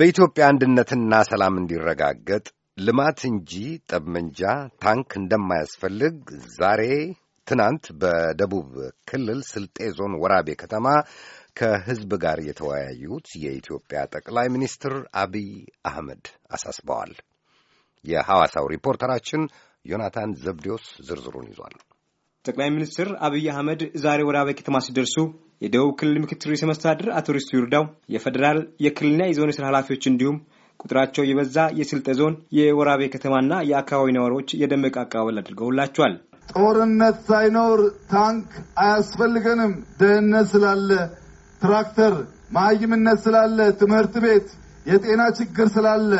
በኢትዮጵያ አንድነትና ሰላም እንዲረጋገጥ ልማት እንጂ ጠብመንጃ ታንክ እንደማያስፈልግ ዛሬ ትናንት በደቡብ ክልል ስልጤ ዞን ወራቤ ከተማ ከሕዝብ ጋር የተወያዩት የኢትዮጵያ ጠቅላይ ሚኒስትር አብይ አህመድ አሳስበዋል። የሐዋሳው ሪፖርተራችን ዮናታን ዘብዴዎስ ዝርዝሩን ይዟል። ጠቅላይ ሚኒስትር አብይ አህመድ ዛሬ ወራቤ ከተማ ሲደርሱ የደቡብ ክልል ምክትል ርዕሰ መስተዳድር አቶ ሪስቱ ይርዳው የፌዴራል የክልልና የዞን የስራ ኃላፊዎች እንዲሁም ቁጥራቸው የበዛ የስልጠ ዞን የወራቤ ከተማና የአካባቢ ነዋሪዎች የደመቀ አቀባበል አድርገውላቸዋል። ጦርነት ሳይኖር ታንክ አያስፈልገንም፣ ደህንነት ስላለ፣ ትራክተር ማይምነት ስላለ፣ ትምህርት ቤት፣ የጤና ችግር ስላለ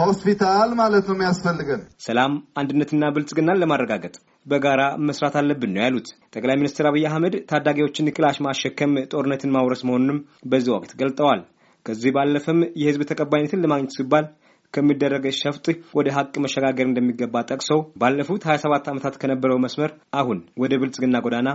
ሆስፒታል ማለት ነው የሚያስፈልገን። ሰላም አንድነትና ብልጽግናን ለማረጋገጥ በጋራ መስራት አለብን ነው ያሉት። ጠቅላይ ሚኒስትር አብይ አህመድ ታዳጊዎችን ክላሽ ማሸከም ጦርነትን ማውረስ መሆኑንም በዚህ ወቅት ገልጠዋል። ከዚህ ባለፈም የህዝብ ተቀባይነትን ለማግኘት ሲባል ከሚደረገ ሸፍጥ ወደ ሀቅ መሸጋገር እንደሚገባ ጠቅሰው ባለፉት 27 ዓመታት ከነበረው መስመር አሁን ወደ ብልጽግና ጎዳና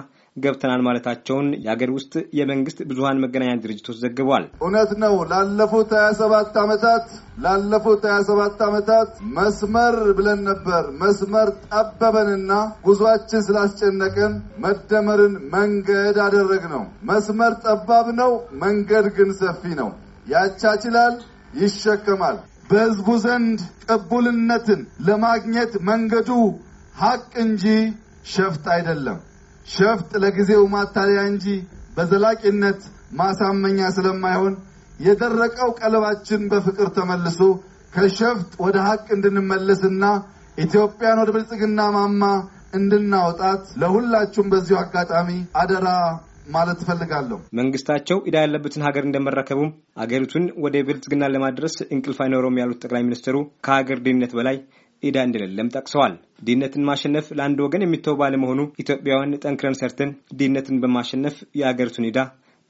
ገብተናል ማለታቸውን የአገር ውስጥ የመንግስት ብዙሀን መገናኛ ድርጅቶች ዘግቧል። እውነት ነው። ላለፉት 27 ዓመታት ላለፉት 27 ሰባት ዓመታት መስመር ብለን ነበር። መስመር ጠበበንና ጉዟችን ስላስጨነቀን መደመርን መንገድ አደረግ ነው። መስመር ጠባብ ነው፣ መንገድ ግን ሰፊ ነው። ያቻችላል፣ ይሸከማል። በህዝቡ ዘንድ ቅቡልነትን ለማግኘት መንገዱ ሀቅ እንጂ ሸፍጥ አይደለም። ሸፍጥ ለጊዜው ማታለያ እንጂ በዘላቂነት ማሳመኛ ስለማይሆን የደረቀው ቀለባችን በፍቅር ተመልሶ ከሸፍጥ ወደ ሀቅ እንድንመለስና ኢትዮጵያን ወደ ብልጽግና ማማ እንድናወጣት ለሁላችሁም በዚሁ አጋጣሚ አደራ ማለት እፈልጋለሁ። መንግስታቸው ዕዳ ያለበትን ሀገር እንደመረከቡም አገሪቱን ወደ ብልጽግና ለማድረስ እንቅልፍ አይኖረውም ያሉት ጠቅላይ ሚኒስትሩ ከሀገር ድህነት በላይ ዕዳ እንደሌለም ጠቅሰዋል። ድህነትን ማሸነፍ ለአንድ ወገን የሚተው ባለመሆኑ ኢትዮጵያውያን ጠንክረን ሰርተን ድህነትን በማሸነፍ የአገሪቱን ዕዳ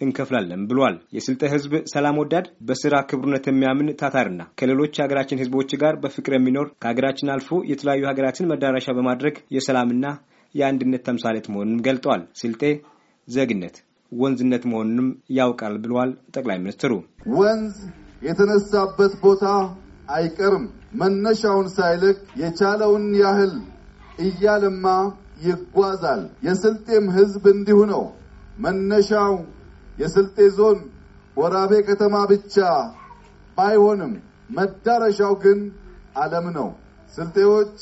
እንከፍላለን ብሏል። የስልጠ ህዝብ ሰላም ወዳድ፣ በስራ ክብርነት የሚያምን ታታርና ከሌሎች የሀገራችን ህዝቦች ጋር በፍቅር የሚኖር ከሀገራችን አልፎ የተለያዩ ሀገራትን መዳረሻ በማድረግ የሰላምና የአንድነት ተምሳሌት መሆኑንም ገልጠዋል። ስልጤ ዜግነት ወንዝነት መሆኑንም ያውቃል ብለዋል ጠቅላይ ሚኒስትሩ። ወንዝ የተነሳበት ቦታ አይቀርም። መነሻውን ሳይልክ የቻለውን ያህል እያለማ ይጓዛል። የስልጤም ህዝብ እንዲሁ ነው። መነሻው የስልጤ ዞን ወራቤ ከተማ ብቻ ባይሆንም መዳረሻው ግን ዓለም ነው። ስልጤዎች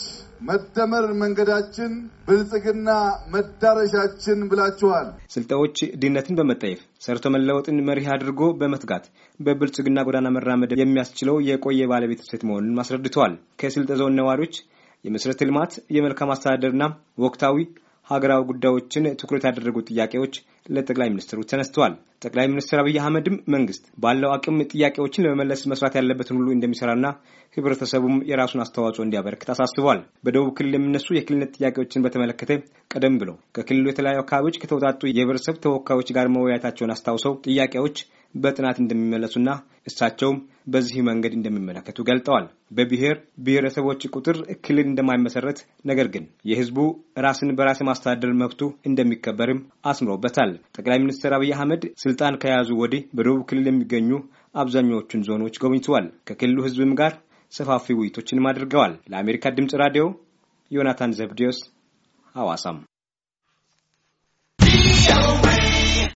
መደመር መንገዳችን ብልጽግና መዳረሻችን ብላችኋል። ስልጠዎች ድህነትን በመጠየፍ ሰርቶ መለወጥን መሪህ አድርጎ በመትጋት በብልጽግና ጎዳና መራመድ የሚያስችለው የቆየ ባለቤት ሴት መሆኑን አስረድተዋል። ከስልጤ ዞን ነዋሪዎች የመሰረተ ልማት፣ የመልካም አስተዳደርና ወቅታዊ ሀገራዊ ጉዳዮችን ትኩረት ያደረጉ ጥያቄዎች ለጠቅላይ ሚኒስትሩ ተነስተዋል። ጠቅላይ ሚኒስትር አብይ አህመድም መንግስት ባለው አቅም ጥያቄዎችን ለመመለስ መስራት ያለበትን ሁሉ እንደሚሰራና ህብረተሰቡም የራሱን አስተዋጽኦ እንዲያበረክት አሳስበዋል። በደቡብ ክልል የሚነሱ የክልልነት ጥያቄዎችን በተመለከተ ቀደም ብለው ከክልሉ የተለያዩ አካባቢዎች ከተውጣጡ የህብረተሰብ ተወካዮች ጋር መወያየታቸውን አስታውሰው ጥያቄዎች በጥናት እንደሚመለሱና እሳቸውም በዚህ መንገድ እንደሚመለከቱ ገልጠዋል። በብሔር ብሔረሰቦች ቁጥር ክልል እንደማይመሰረት ነገር ግን የህዝቡ ራስን በራስ የማስተዳደር መብቱ እንደሚከበርም አስምሮበታል። ጠቅላይ ሚኒስትር አብይ አህመድ ስልጣን ከያዙ ወዲህ በደቡብ ክልል የሚገኙ አብዛኛዎቹን ዞኖች ጎብኝተዋል። ከክልሉ ህዝብም ጋር ሰፋፊ ውይይቶችንም አድርገዋል። ለአሜሪካ ድምፅ ራዲዮ ዮናታን ዘብዲዮስ ሐዋሳም